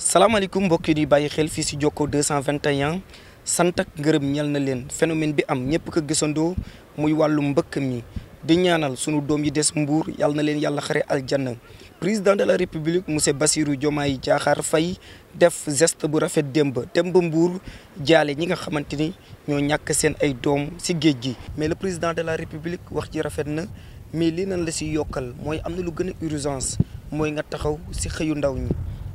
salaamaaleykum mbokk yi di xel fi ci joko 221 sant ak ngeureum ñal na leen phénomène bi am ñepp ko gëssando muy walu mbëkk mi di ñaanal suñu doom yi dess mbuur yàlla na leen yalla xare aljanna président de la république monsieur Bassirou Diomaye jaxar fay def geste bu rafet demb demb mbuur jaale ñi nga xamanteni ni ñoo ñàkk seen ay doom ci geej gi mais le président de la république wax ci rafet na mais li nan la ci yokal moy amna lu gëna urgence moy nga taxaw ci xeyu ndaw ñi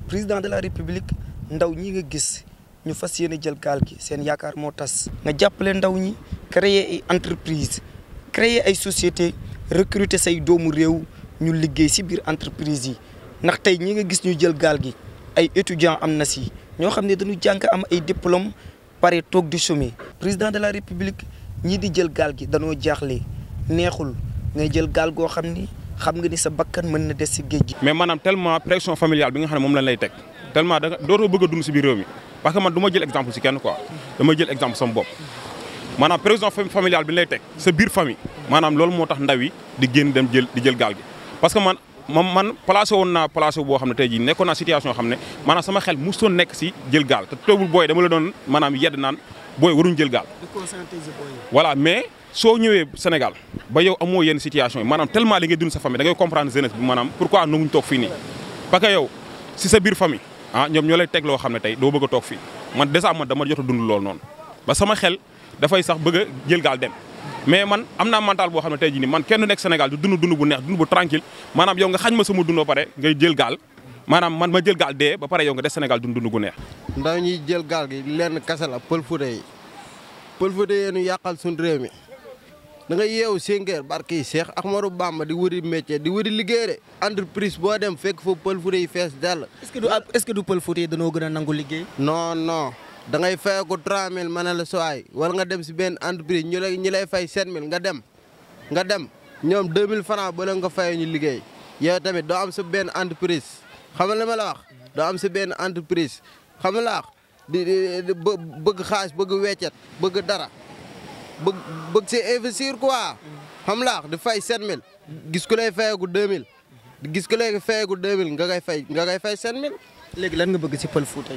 président de la république ndaw ñi nga gis ñu fas yéene jël gal gi seen yaakaar mo tass nga jàppale ndaw ñi créer ay entreprise créer ay société recruter say doomu réew ñu liggéey ci biir entreprise yi ndax tay ñi nga gis ñu jël gal gi ay étudiants am na ci ñoo xam dañu jank am ay diplôme paré tok du chômer président de la république ñi di jël gal gi dañu jaxlé neexul ngay jël gal go xamné xam nga ni sa bakkan mën na des si géej gi. mais maanaam tellement pression familiale bi nga xam ne moom lañ lay teg tellement da dootoo bëgg a dund si biir réew mi parce que man du jël exemple si kenn quoi damay jël exemple sama bopp. maanaam pression familiale bi ñu lay teg sa biir famille maanaam loolu moo tax ndaw yi di génn dem jël di jël gaal gi parce que man man man placé woon naa placé boo xam ne tey jii nekkoon naa situation xam ne maanaam sama xel musoon nekk si jël gaal te teewul booy dama la doon maanaam yedd naan booy waruñ jël gaal. di voilà soo ñëwee Sénégal ba yow amoo yenn situation yi maanaam tellement li ngay dund sa famille da ngay comprendre jeunesse bi maanaam pourquoi nanguñ toog fii nii parce que si sa biir famille ah ñoom ñoo lay teg loo xam ne tey doo bëgg a toog fii man dèjà man dama jot a dund loolu noonu ba sama xel dafay sax bëgg a jël gaal dem mais man am naa mental boo xam ne tey jii nii man kenn nekk Sénégal du dund dund bu neex dund bu tranquille maanaam yow nga xañ ma sama dund ba pare ngay jël gaal maanaam man ma jël gaal ba pare yow nga des Sénégal dund dund gu neex ndaw jël gaal gi lenn kese la pël fuuta yi pël fuuta yi ñu yàqal suñu réew mi da nga yew cinq barki Cheikh Ahmadou Bamba di wuri métier di wuri liggéey entreprise bo dem fekk fo peul fuure yi fees dell. est ce que est ce que du peul fuure da no gëna a nangu non non da ngay fay ko 3000 manela ne wala nga dem ci ben entreprise ñu lay ñi lay fay 7000 nga dem nga dem ñom 2000 francs bo la nga fay ñu liggéey yow tamit do am ci ben entreprise xam nga li la wax. do am ci ben entreprise xam nga la wax di bëgg xaalis bëgg wéccat bëgg dara. bëgg bëgg see investir quoi xam laax di fay 7000 gis ku lay fayeeku 2000 gis ku lay fayeeku 2000 nga koy fay nga gay fay 7000. léegi lan nga bëgg si Pël Fuuta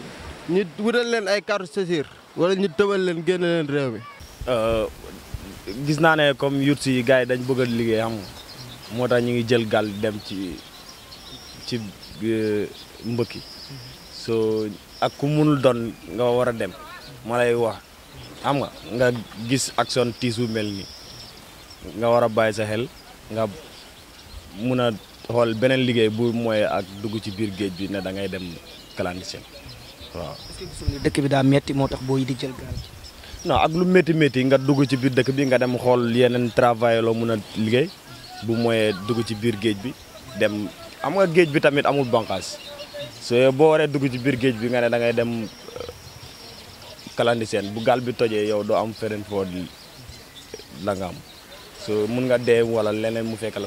ñu wutal leen ay carte séjour wala ñu tëbal leen génn leen réew mi. Euh, gis naa ne comme yurts yi gars yi dañ bëgg liggéey xam moo tax ñu ngi jël gaal dem ci ci euh, mbëkki soo ak ku munul doon nga war a dem ma wax am nga nga gis action tisu melni nga wara baye sa hel nga muna a benen beneen bu moy ak dugg ci bir geej bi ne da ngay dem clandestine wa dekk bi da metti motax boy di jël gal non ak lu metti metti nga dugg ci bir dekk bi nga dem hol yenen travail lo muna a bu moy dugg ci bir geej bi dem am nga geej bi tamit amul bankas so bo waree dugg ci bir geej bi nga ne da ngay dem kalandi sen bu gal bi toje yow do am fo di la nga am so mun nga dee wala lenen mu fekk la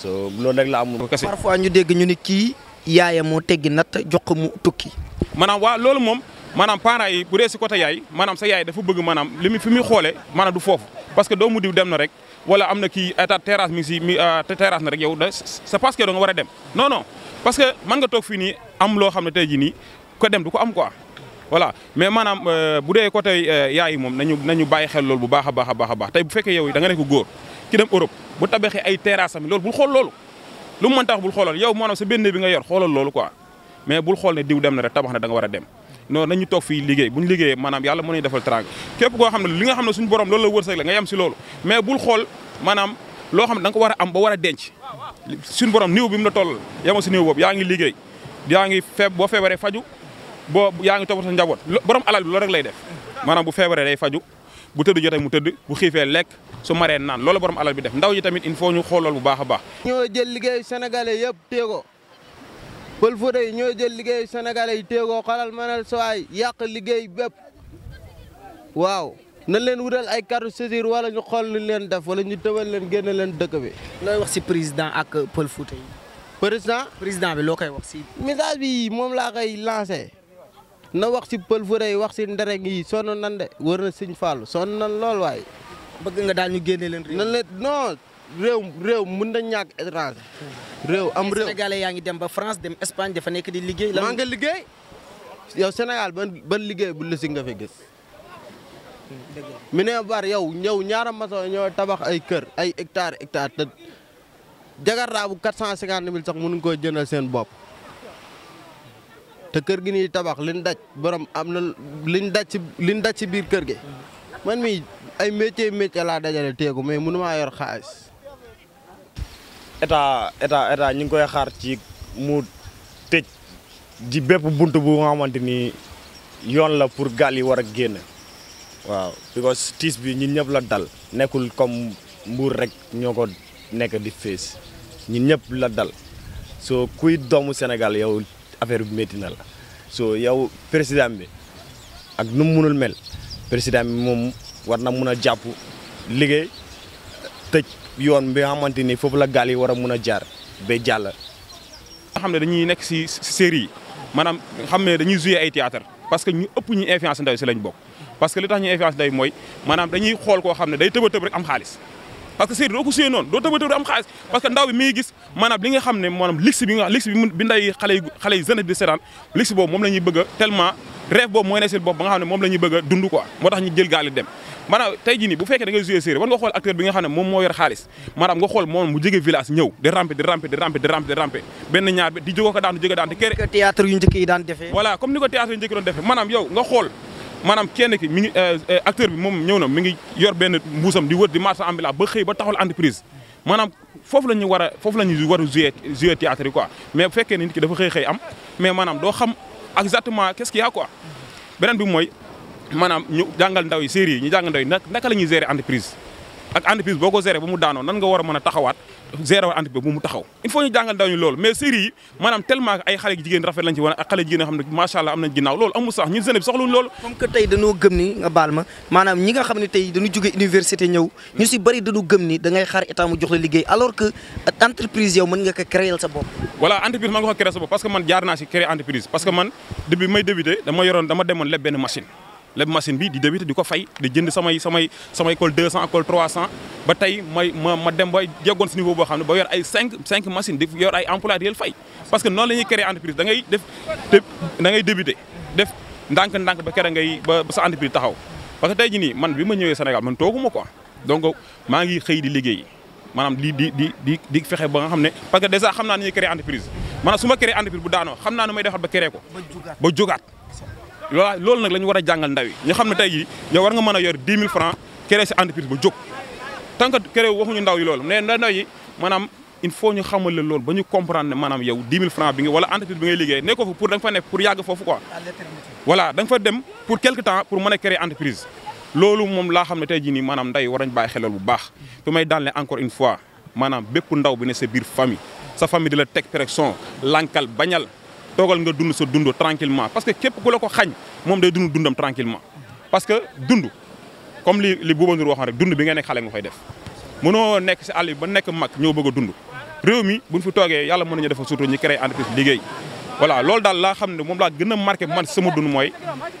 so loolu nak la am parfois ñu dégg ñu ni ki yaaya mo teggi nat jox mu tukki. manam wa loolu mom manam parents yi bu dee si côté yaay manam sa yaay dafa bëgg manam limi mu fi muy du fofu parce que mu diw dem na rek wala amna ki ata terrasse mi ci mi euh, terrasse na rek yow c'est parce que do nga wara dem non non parce que man nga tok fini am lo xamne tay ji ni ko dem du ko am quoi. voilà mais maanaam euh, bu dee côté euh, yaay yi moom nañu nañu bàyyi xel loolu bu baax a baax a a baax tey bu fekkee yow da nga nekk góor ki dem Europe bu tabaxee ay terrasse am loolu bul xool loolu lu mu mën tax bul xoolal yow maanaam sa benn bi nga yor xoolal loolu quoi mais bul xool ne diw dem na rek war dem non nañu toog fii liggéey buñu liggéeyee maanaam yàlla mën nañu defal teraanga képp koo xam ne li nga xam ne suñu borom loolu la wërsëg la nga yem si loolu mais bul xool maanaam loo xam ne da nga war a am ba war a denc suñu borom néew bi mu la toll yemal si néew boobu yaa ngi liggéey yaa ngi feeb boo feebaree faju boo yaa ngi topp sa njaboot borom alal bi loolu rek lay def maanaam bu feebaree day faju bu tëdd jotee mu tëdd bu xiifee lekk su maree naan loolu borom alal bi def ndaw ji tamit il faut ñu xoolool bu baax a baax. ñoo jël liggéeyu sénégalais yëpp teego Pël Fuuta yi ñoo jël liggéeyu sénégalais yi téego xalal manal sawaay yàq liggéey bépp waaw nañ leen wutal ay carte séjour wala ñu xool lu leen def wala ñu tëbal leen génn leen dëkk bi. looy wax si président ak Pël Fuuta yi. président bi loo koy wax si. message moom laa lancé. na wax ci peul fu rëy wax ci ndereg yi sonu nan de wër na fall sonu nan lol way bëgg nga dal ñu génne leen nan non mën na ñak étranger. am réew Sénégalais yaangi dem ba France dem Espagne dafa nek di liggéey. ma nga liggéey yow Sénégal ban ban liggéey bu lësi nga fi maso, mi tabak bar yow ñëw ñaara so ñoo tabax ay kër ay hectare hectare te jagarra bu 450000 sax ko jëndal seen bop te kër gi nii tabax li daj borom am na liñ daj ci biir kër gi man mi ay métier métier laa dajale teegu mais mënu maa yor xaalis. état état état ñu ngi koy xaar ci mu tëj ji bépp bunt bu nga xamante ni yoon la pour gaal yi war a génn waaw because tiis bi ñu ñëpp la dal nekkul comme mbuur rek ñoo ko nekk di fees ñun ñëpp la dal soo kuy doomu Sénégal yow. affaire bi metti na la soo yow président bi ak nu mu munul mel président bi moom war na mun a jàpp liggéey tëj yoon bi nga xamante ni foofu la gaal yi war a mun a jaar ba jàll. nga xam ne dañuy nekk si série yi maanaam xam ne dañuy jouer ay théâtre parce que ñu ëpp ñu influence ndaw si lañ bokk parce que li tax ñu influence ndaw mooy maanaam dañuy xool koo xam ne day tëba tëb rek am xaalis. parce que séeréer doo ko suyee noonu doo tëb tëb xaalis parce que ndaw bi mi ngi gis li nga xam ne maanaam luxe bi nday xale yi xale bi seetaan luxe boobu moom la ñuy bëgg a tellement boobu mooy ne seen bopp moom la ñuy bëgg a moo tax ñu jël gaal dem maanaam tey jii bu fekkee da ngay jouer séeréer nga xool acteur bi nga xam ne moom moo yor xaalis maanaam nga xool moom mu jóge village ñëw di rampe di rampe di rampe benn ñaar di jóge maanaam kenn ki mi ngi euh, euh, acteur bi moom ñëw na mi ngi yor benn mbuusam di wër di marchand ambulant ba xëy ba taxawal entreprise maanaam foofu la ñu war a foofu la ñu war a jouer jouer théâtre yi mais bu fekkee ne nit ki dafa xëy xëy am mais maanaam doo xam exactement qu'est-ce quoi beneen bi mooy maanaam ñu jàngal ndaw yi série yi ñu jàngal ndaw yi naka la ñuy gérer entreprise ak entreprise boo ko géré ba mu war a a taxawaat géré war entreprise bu mu taxaw il faut ñu jàngal loolu mais série yi maanaam tellement ay xale jigéen rafet lañ ci wane ak xale jigéen yoo xam loolu amul sax ñun jeune bi loolu comme que tey dañoo gëm ni nga baal ma maanaam ñi nga xam ne tey dañu jóge université ñëw si bëri dañu gëm ni da ngay xaar état mu jox liggéey alors que entreprise yow nga ko créer sa bopp voilà entreprise mën nga ko créer sa bopp parce que man jaar naa si créer entreprise parce que man la machine bi di débuté diko fay di jënd samay samay samay col 200 col 300 ba tay may ma dem ba jeggoon ci niveau bo xamne ba yor ay 5 5 machine di yor ay emploi réel fay. parce que non lañuy ñuy créer entreprise da ngay def da ngay débuté def ndànk-ndànk ba kéré ngay ba sa entreprise taxaw parce que tey jii man bima ñëwé Sénégal man tooguma quoi donc ma ngi xey di liggéey. manam di di di di fexé ba nga xamné parce que déjà xamna ñuy créer entreprise maanaam suma ma créer entreprise bu daano xamna nu may defal ba créer ko. ba jugaat ba jugaat. waaw loolu nag lañu war a jàngal ndaw ñu xam ne tey jii yow war nga mën a yor 10 000 francs créer sa entreprise ba jóg tant que créer waxuñu ndaw yi loolu ne ndaw yi maanaam il faut ñu xamal leen loolu ba ñu comprendre ne maanaam yow 10 000 francs bi nga wala entreprise bi ngay liggéey ne ko fa pour da nga fa nekk pour yàgg foofu quoi voilà da fa dem pour quelque temps pour mën a créer entreprise loolu moom laa xam ne tey jii nii maanaam ndaw yi war nañ bàyyi xelal bu baax fi may daal ne encore une fois maanaam bépp ndaw bi ne sa biir famille sa famille la teg pression lankal bañal toogal nga dund sa dund tranquillement parce que képp ku la ko xañ moom day dund dundam tranquillement parce que dund comme li li Bouba Ndour waxoon rek dund bi nga nek xalé nga koy def mënoo nek ci àll ba nek mak ñoo bëgg a dund réew mi buñ fi toogee yalla mëna ñu defal surtout ñi créé entreprise liggéey voilà lool dal la xamné mom la gëna marqué man sama dund moy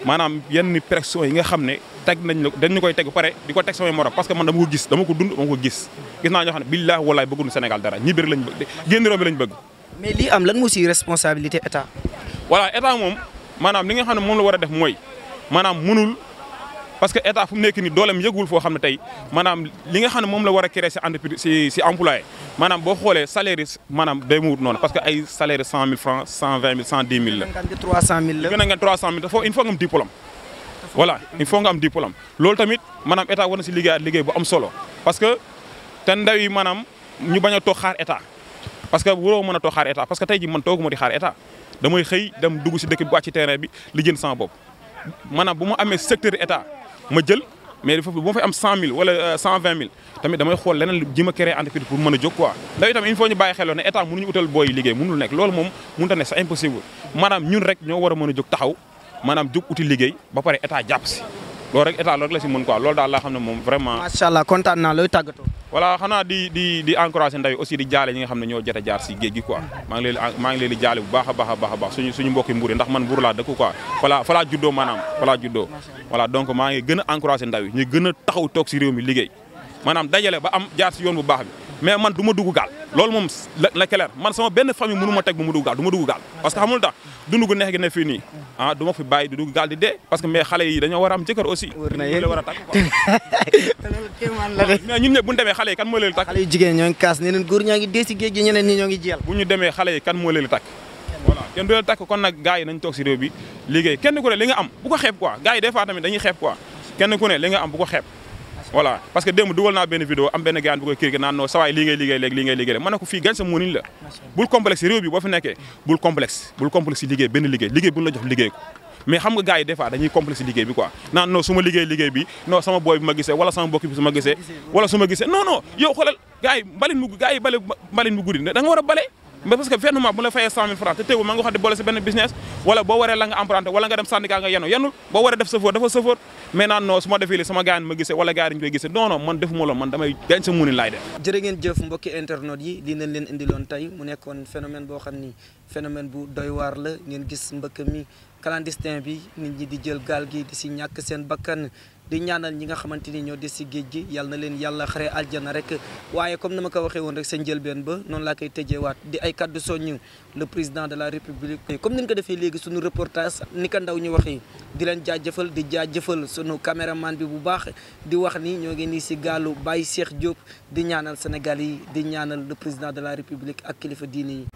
manam yenn pression yi nga xamné tag teg nañ la dañ ñu koy teg pare di ko teg samay morom parce que man dama ko gis dama ko dund dama ko gis gis naa ñoo xam ne billaahi walaay bëgguñu Sénégal dara ñi bir lañ bëgg génn réew lañ bëgg mais li am lan mo ci responsabilité état voilà état mom manam li nga xamne mo lu wara def moy manam munul parce que état fu nek ni dolem yegul fo xamne tay manam li nga xamne mom la wara créer ci ci employé manam bo xolé salaire manam de non parce que ay 100 000 francs 120 000 110 000 la ngand 300 000 la ngand ngand 300 000 il faut diplôme voilà il faut ngam diplôme lol tamit manam état wona ci ligue ligue bu am solo parce que tan ndaw yi manam ñu baña to xaar état parce que waroo mën a xaar état parce que tayji man man mo di xaar état damay xëy dem dugg ci dëkk bi wàcc terrain bi li jën sans bopp manam buma amé secteur état ma jël mais fofu bu fay am 100000 wala 120000 tamit damay xol lenen jima créer entreprise pour meuna a jóg quoi ndaw itam il faut ñu baye xel ne état ñu utal boy liggéey mënul nek lool mom mënut a c'est impossible manam ñun rek ño wara meuna mën jóg taxaw manam jóg outil liggéey ba pare état jàpp ci lool rek état lool la ci mën quoi lool da la xamné mom vraiment. machallah allah kontaan naa looy voilà xanaa di di di encouragé ndaw yi aussi di jaale ñi nga xam ne ñoo jot a jaar si géej gi quoi maa ngi leen maa ngi leen di jaale bu baax a baax a baax a baax suñu suñu mbokki mbuur ndax man mbuur dëkk quoi voilà juddoo maanaam falaa juddoo voilà donc maa ngi gën a encouragé ndaw ñu gën a taxaw toog si réew liggéey maanaam dajale ba am jaar si yoon bu baax bi mais man du ma dugg gaal lol mom la clair man sama benn famille mënu tek bu mu dugg du ma dugg parce que xamul da dund gu neex gi ne fii nii ah du ma fi baye du dugg di de parce que mais xalé yi dañu wara am jëkër aussi la war a takk mais ñun ñëpp bu ñu demee xale yi kan moo leen tak xalé yu jigéen ñoo ngi kaas ñeneen goor ñaa ngi dee si géej gi ñeneen ñi ñoo ngi jël buñu démé xalé yi kan moo leen tak voilà kenn du leen tak kon nak gaay yi nañ tok ci rew bi liggéey kenn ku ne li nga am bu ko xeeb quoi gaay yi des fois tamit dañuy xeeb quoi kenn ku ne li nga am bu ko xeeb voilà parce que démb dugal naa benn vidéo am benn gaan bu koy critiquer naan non sawaay lii ngay liggéey léegi lii bi boo jox liggéey ko mais xam nga gars dañuy complexe liggéey bi quoi naan non su ma liggéey bi non sama booy bi ma gisee wala sama mbokk ma gisee wala su ma gisee non non yow xoolal gars mbalin mu gars yi war a bale mais parce que fenn ma bu la fayé 100000 francs té téw ma nga xam bolé ci si business wala bo waré la nga emprunter wala nga dem syndicat nga yanu yanu bo waré def sefor dafa sefor mais nan non suma défé li sama gaane ma gissé wala gars ñu koy gisee non non man defuma lo man damay dañ sa mouni lay def jërë ngeen jëf mbokki internet yi lii nañ leen indi lon tay mu nekkon phénomène bo xamni phénomène bu doy war la ngeen gis mbëkk mi clandestin bi nit ñi di jël gal gi di ci ñak seen bakkan di ñaanal ñi nga xamante ni ñoo des si géej gi yal na leen yàlla xare aljana rek waaye comme na ma ko waxee woon rek sa njëlbeen ba noonu laa koy tëjeewaat di ay kàddu soññu le président de la république comme ni niñ ko defee léegi suñu reportage ni ko ndaw ñu waxee di leen jaajëfal di jaajëfal sunu caméraman bi bu baax di wax ni ñoo ngi nii si gaalu Baye Cheikh Diop di ñaanal Sénégal yi di ñaanal le président de la république ak kilifa diine yi